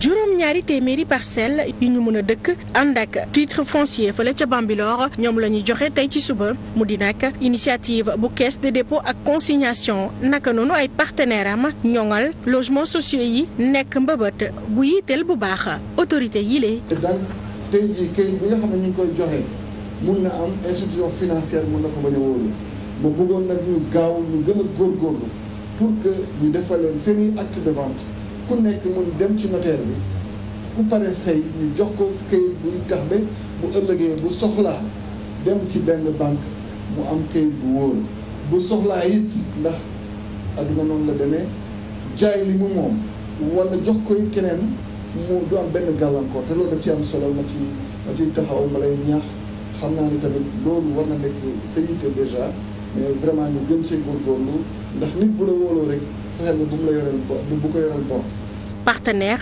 juróom ñaari téeméeri parcelle yi ñu mën a dëkk ànd ak titre foncier fële ca Bambilor ñoom la ñuy joxe tey ci suba mu di nag initiative bu caisse de dépôt ak consignation naka noonu ay partenaire am ñoŋal logement sociaux yi nekk mbëbët bu yitteel bu baax autorité yii lee daal tey jii kay bi nga xam ne koy joxe mun na am institution financière mun na ko bañ wóolu ma bëggoon nag ñu gaaw ñu gën a góorgóorlu pour que ñu defal leen seen i acte de vente ku nekk mun dem ci notaire bi ku pare fay ñu jox ko këyit buy tax ba bu ëllëgee bu soxlaa dem ci benn banque mu am këyit bu wóor bu soxlaa it ndax adduna noonu la demee jaay li mu moom wala jox koy keneen mu du am benn gàllankoor te loolu daf ci am solo ma ci ma ciy taxaw ma lay ñaax xam naa ni tamit loolu war na nekk sa yitte déjà mais euh, vraiment ñu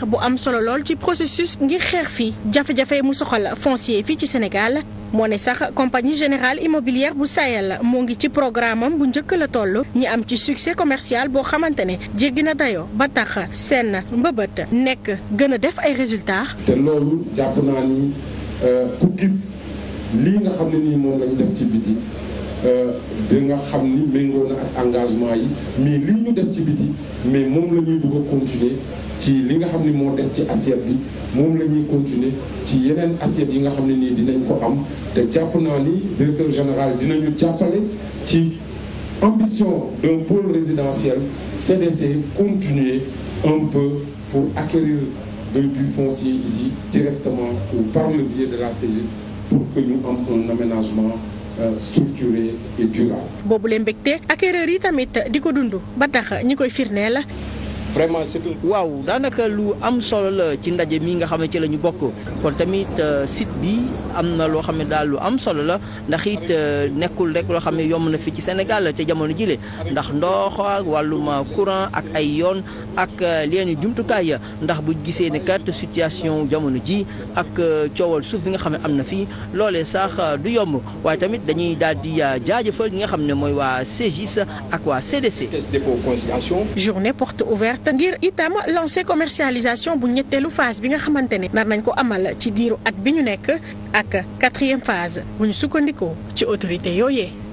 bu am solo lool ci processus ngir xeex fii jafe-jafe mu soxal foncier fii ci Sénégal moo ne sax compagnie générale immobilière bu Sahel moo ngi ci programme am bu njëkk la toll ñi am ci succès commercial boo xamante ne jéggi na dayoo ba tax seen mbëbët nekk gën a def ay résultats. te loolu jàpp naa ni euh, ku gis lii nga xam ne nii moom lañ def ci biti. Euh, di nga xam ni méngoo na ak engagement yi mais li ñu def ci biti mais moom la ñuy bëgg continuer ci li nga xam ni moo des ci assiette bi moom la ñuy continuer ci yeneen assiette yi nga xam ne nii dinañ ko am te jàpp naa ni directeur général dinañu jàppale ci ambition d'un pôle résidentiel CDC continuer un peu pour acquérir de, du foncier ici directement ou par le biais de la CGIS pour que ñu am un aménagement structuré et durable. ak leen mbégte yi tamit di ko dund ba tax ñi koy la vraiment c'est tout. waaw daanaka lu am solo la ci ndaje mi nga xam ne ci la ñu bokk kon tamit euh, site bi am na loo xam ne daal lu am solo la ndax it euh, nekkul rek loo xam ne yomb na fi ci Sénégal ci jamono jile ndax ndox ak wàllum courant ak ay yoon ak euh, leenu jumtukaay ya ndax bu gisee ne kat situation jamono ji ak coowal suuf bi nga xam ne am na fii loolee sax du yomb waaye tamit dañuy daal di jaajëfal ñi nga xam ne mooy waa CGIS ak waa CDC. journée porte ouverte te ngir itam lancé commercialisation bu ñetteelu phase bi nga xamante ne nar nañ ko amal ci diiru at bi ñu nekk ak quatrième phase bu ñu sukkandikoo ci autorité yooyee